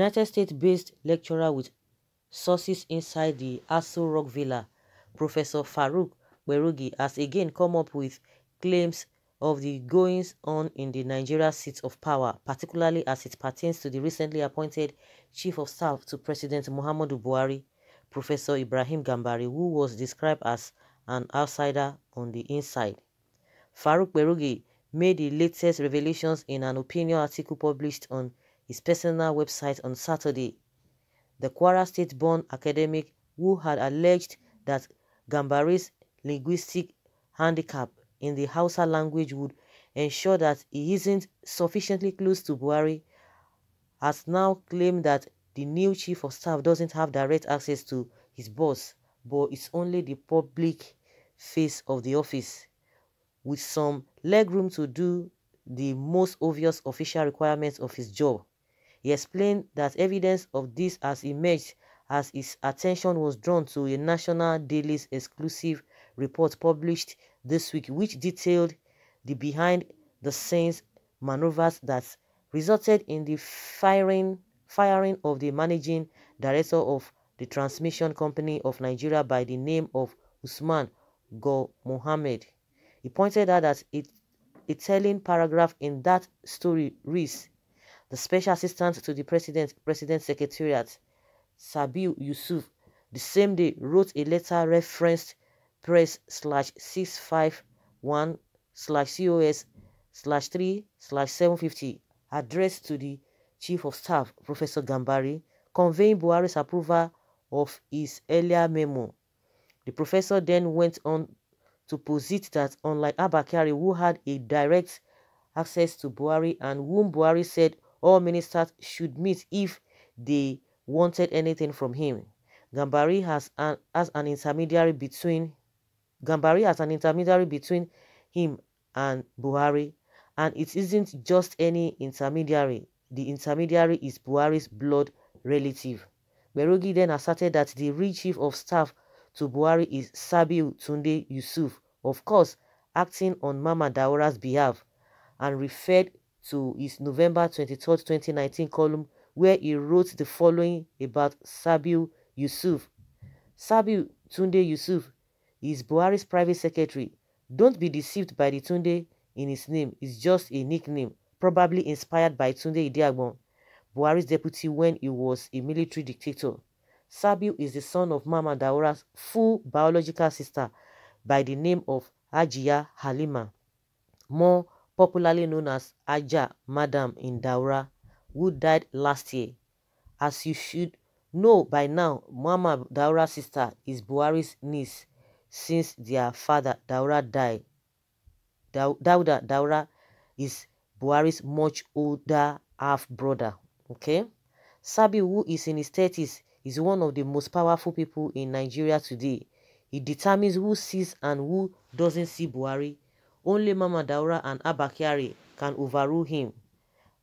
United States-based lecturer with sources inside the Aso Rock Villa, Professor Farouk Gberogi has again come up with claims of the goings-on in the Nigeria seat of power, particularly as it pertains to the recently appointed Chief of Staff to President Muhammadu Buhari, Professor Ibrahim Gambari, who was described as an outsider on the inside. Farouk Gberogi made the latest revelations in an opinion article published on his personal website on Saturday. The Kwara State-born academic who had alleged that Gambari's linguistic handicap in the Hausa language would ensure that he isn't sufficiently close to Buhari has now claimed that the new chief of staff doesn't have direct access to his boss, but is only the public face of the office, with some legroom to do the most obvious official requirements of his job. He explained that evidence of this has emerged as his attention was drawn to a National Daily's exclusive report published this week which detailed the behind-the-scenes maneuvers that resulted in the firing, firing of the managing director of the transmission company of Nigeria by the name of Usman Go Mohammed. He pointed out that it, a telling paragraph in that story reads, the special assistant to the president, President Secretariat, Sabiu Yusuf, the same day wrote a letter referenced press slash 651 slash COS slash 3 slash 750 addressed to the Chief of Staff, Professor Gambari, conveying Buhari's approval of his earlier memo. The professor then went on to posit that unlike Abakari, who had a direct access to Buhari and whom Buhari said all ministers should meet if they wanted anything from him. Gambari has an, as an intermediary between Gambari as an intermediary between him and Buhari, and it isn't just any intermediary. The intermediary is Buhari's blood relative. Berogi then asserted that the real chief of staff to Buhari is Sabiu Tunde Yusuf, of course, acting on Mama Daura's behalf, and referred to his November 23, 2019 column where he wrote the following about Sabiu Yusuf. Sabiu Tunde Yusuf is Buhari's private secretary. Don't be deceived by the Tunde in his name. It's just a nickname, probably inspired by Tunde Idiagbon, Buhari's deputy when he was a military dictator. Sabiu is the son of Mama Daura's full biological sister by the name of Ajia Halima. More popularly known as Aja, Madam in Daura, who died last year. As you should know by now, Mama Daura's sister is Buhari's niece since their father Daura died. Dauda Daura is Buhari's much older half-brother. Okay? Sabi, who is in his 30s, is one of the most powerful people in Nigeria today. He determines who sees and who doesn't see Buhari only Mama Daura and Abakari can overrule him.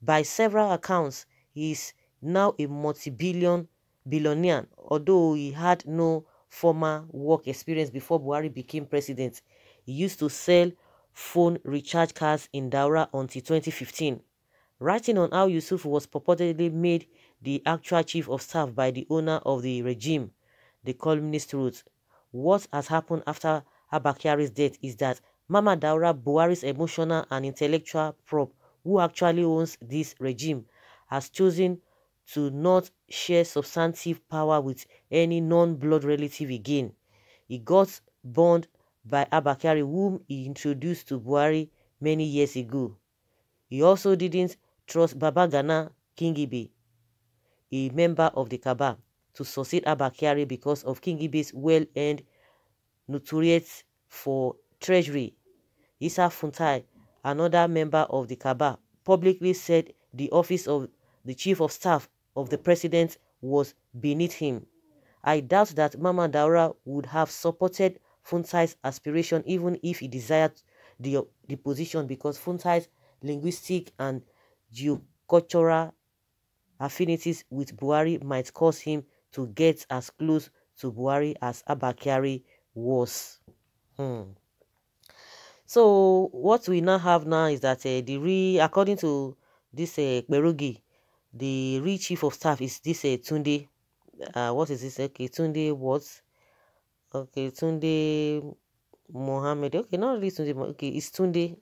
By several accounts, he is now a multi-billion billionaire, although he had no former work experience before Buhari became president. He used to sell phone recharge cards in Daura until 2015. Writing on how Yusuf was purportedly made the actual chief of staff by the owner of the regime, the columnist wrote, What has happened after Abakari's death is that Mamandawra Buhari's emotional and intellectual prop who actually owns this regime, has chosen to not share substantive power with any non-blood relative again. He got burned by Abakari whom he introduced to Buhari many years ago. He also didn't trust Babagana Kingibe, a member of the Kaba, to succeed Abakari because of Kingibe's well-earned notoriety for Treasury, Issa Funtai, another member of the Kaaba, publicly said the office of the Chief of Staff of the President was beneath him. I doubt that Mama Daura would have supported Funtai's aspiration even if he desired the, the position because Funtai's linguistic and geocultural affinities with Buhari might cause him to get as close to Buhari as Abakari was. Hmm. So what we now have now is that uh, the re according to this uh, the re chief of staff is this uh, Tunde. Uh, what is this? Okay, Tunde what? Okay, Tunde Mohammed. Okay, not really Tunde. Okay, it's Tunde.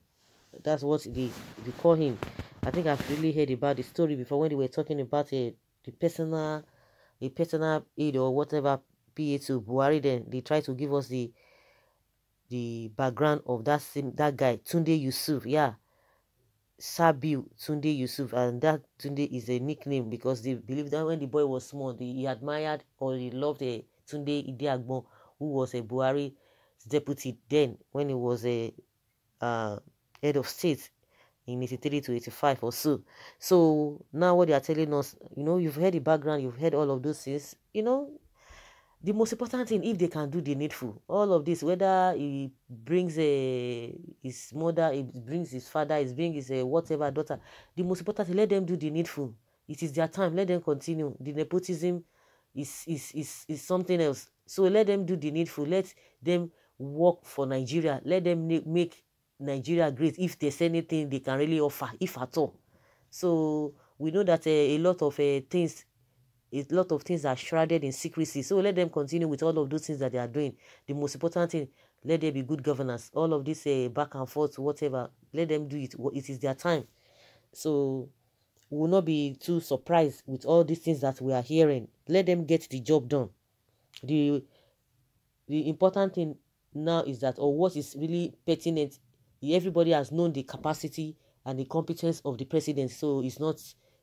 That's what they, they call him. I think I've really heard about the story before when they were talking about uh, the personal, the personal aid or whatever PA to Buhari. Then they tried to give us the the background of that same that guy Tunde Yusuf yeah Sabiu Tunde Yusuf and that Tunde is a nickname because they believe that when the boy was small they, he admired or he loved a eh, Tunde Idiagbon who was a Buhari deputy then when he was a uh, head of state in 83 to 85 or so. So now what they are telling us, you know, you've heard the background, you've heard all of those things, you know, the most important thing if they can do the needful all of this whether he brings a, eh, his mother he brings his father he brings his a eh, whatever daughter the most important thing, let them do the needful it is their time let them continue the nepotism is is is, is something else so let them do the needful let them work for nigeria let them make nigeria great if there's anything they can really offer if at all so we know that uh, a lot of uh, things a lot of things are shrouded in secrecy. So let them continue with all of those things that they are doing. The most important thing, let there be good governance. All of this uh, back and forth, whatever, let them do it. It is their time. So we will not be too surprised with all these things that we are hearing. Let them get the job done. The, the important thing now is that, or what is really pertinent, everybody has known the capacity and the competence of the president. So it's not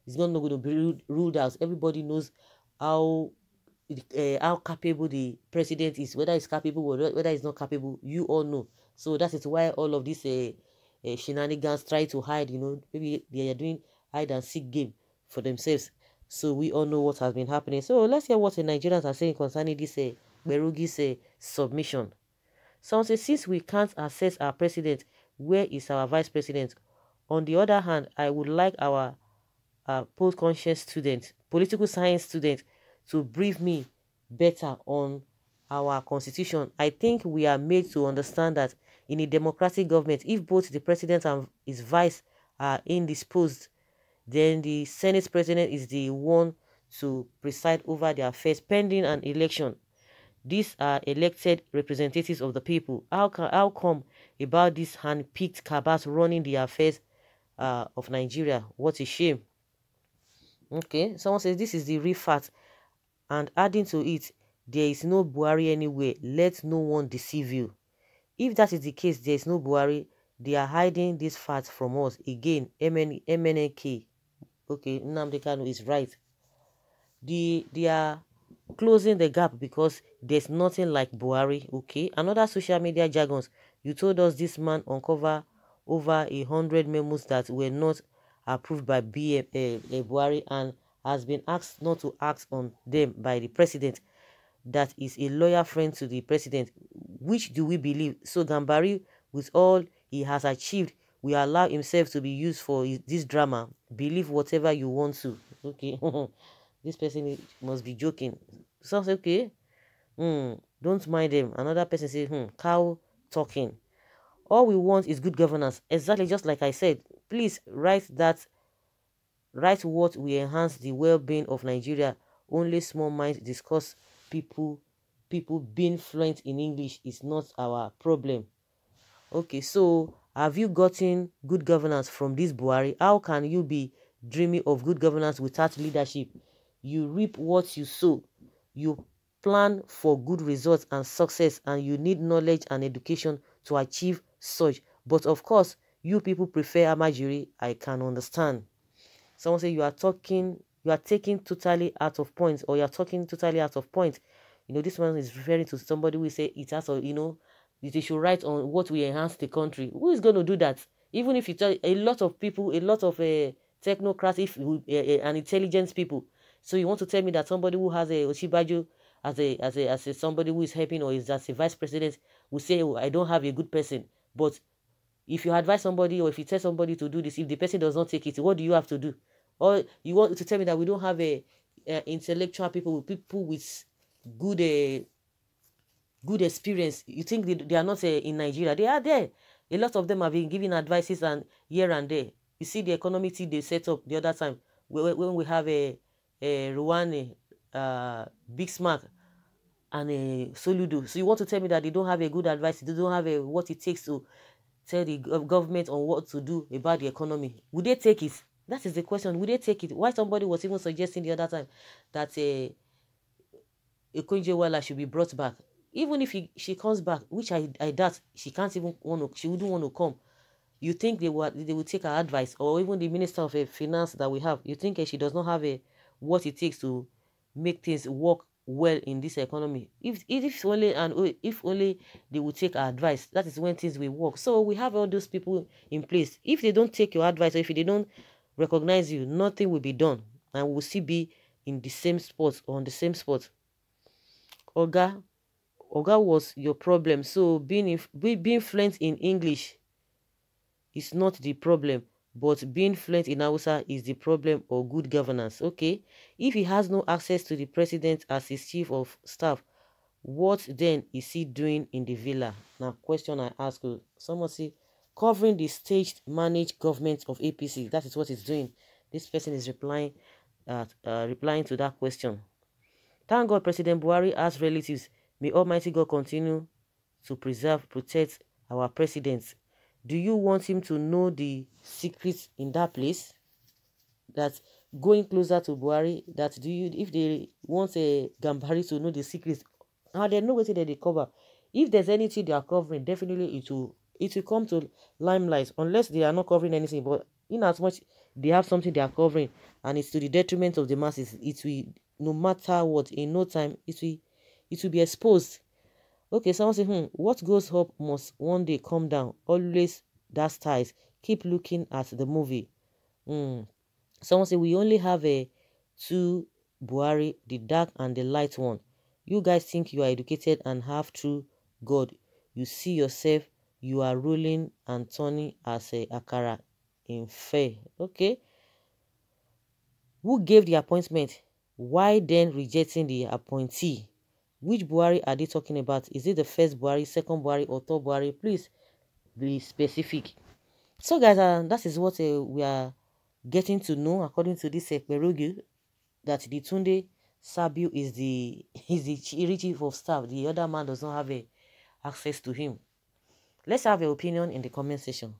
it's not going to be ruled out. Everybody knows how uh, how capable the president is, whether he's capable or whether he's not capable, you all know. So that is why all of these uh, uh, shenanigans try to hide, you know, maybe they are doing hide and seek game for themselves. So we all know what has been happening. So let's hear what the Nigerians are saying concerning this uh, Berugi's uh, submission. Some say, since we can't assess our president, where is our vice president? On the other hand, I would like our uh, post-conscious student, political science student, to brief me better on our constitution. I think we are made to understand that in a democratic government, if both the president and his vice are indisposed, then the Senate president is the one to preside over the affairs pending an election. These are elected representatives of the people. How, can, how come about this hand-picked cabas running the affairs uh, of Nigeria? What a shame. Okay, someone says this is the real fact, and adding to it, there is no Buhari anywhere. Let no one deceive you. If that is the case, there is no Buhari. They are hiding this fact from us. Again, MN, MNK. Okay, Nnamdi is right. The, they are closing the gap because there's nothing like Buhari. Okay, another social media jargons. You told us this man uncover over a hundred memos that were not approved by B. Eh, eh, Buhari and has been asked not to act on them by the president that is a lawyer friend to the president. Which do we believe? So Gambari, with all he has achieved, will allow himself to be used for this drama. Believe whatever you want to. Okay. this person must be joking. Sounds okay. Hmm. Don't mind him. Another person says, hmm, cow talking. All we want is good governance. Exactly just like I said. Please write that write what we enhance the well-being of Nigeria. Only small minds discuss people people being fluent in English is not our problem. Okay, so have you gotten good governance from this Buhari? How can you be dreaming of good governance without leadership? You reap what you sow. You plan for good results and success and you need knowledge and education to achieve such. But of course, you people prefer Amajiri, I can understand. Someone say you are talking, you are taking totally out of point or you are talking totally out of point. You know, this one is referring to somebody who say it has, or you know, they should write on what we enhance the country. Who is going to do that? Even if you tell a lot of people, a lot of uh, eh, technocrats, if uh, eh, uh, eh, and people. So you want to tell me that somebody who has a Oshibajo as a as a as a somebody who is helping or is as a vice president will say, oh, I don't have a good person. But if you advise somebody or if you tell somebody to do this, if the person does not take it, what do you have to do? Or you want to tell me that we don't have a, a intellectual people, people with good eh, good experience. You think they, they are not eh, in Nigeria? They are there. A lot of them have been giving advices and here and there. You see the economy team they set up the other time when we have a, a Rwanda uh, Big Smack and a Soludo. So you want to tell me that they don't have a good advice, they don't have a, what it takes to tell the government on what to do about the economy. Would they take it? That is the question. Would they take it? Why somebody was even suggesting the other time that a uh, Ekunjewala should be brought back. Even if he, she comes back, which I, I doubt, she can't even want to, she wouldn't want to come. You think they were they would take her advice, or even the minister of uh, finance that we have. You think uh, she does not have a what it takes to make things work well in this economy. If if only and if only they will take our advice, that is when things will work. So we have all those people in place. If they don't take your advice, or if they don't recognize you, nothing will be done, and we will still be in the same spot or on the same spot. Oga, Oga was your problem. So being being fluent in English is not the problem but being fluent in Hausa is the problem or good governance. Okay, if he has no access to the president as his chief of staff, what then is he doing in the villa? Now, question I ask you. Someone say, covering the staged managed government of APC. That is what he's doing. This person is replying, uh, replying to that question. Thank God President Buhari has relatives. May Almighty God continue to preserve, protect our presidents do you want him to know the secrets in that place that going closer to buhari that do you if they want a gambari to know the secrets now they know what they cover if there's anything they are covering definitely it will it will come to limelight unless they are not covering anything but in as much they have something they are covering and it's to the detriment of the masses it will no matter what in no time it will it will be exposed Okay, someone say, hmm, what goes up must one day come down. Always that ties. Keep looking at the movie. Hmm. Someone say, we only have a eh, two Buhari, the dark and the light one. You guys think you are educated and have true God. You see yourself, you are ruling and turning as a eh, Akara in fair. Okay. Who gave the appointment? Why then rejecting the appointee? Which Buhari are they talking about? Is it the first Buhari, second Buhari, or third Buhari? Please be specific. So, guys, uh, that is what uh, we are getting to know according to this uh, that the Tunde Sabiu is the is the chief of staff. The other man does not have a uh, access to him. Let's have your opinion in the comment section.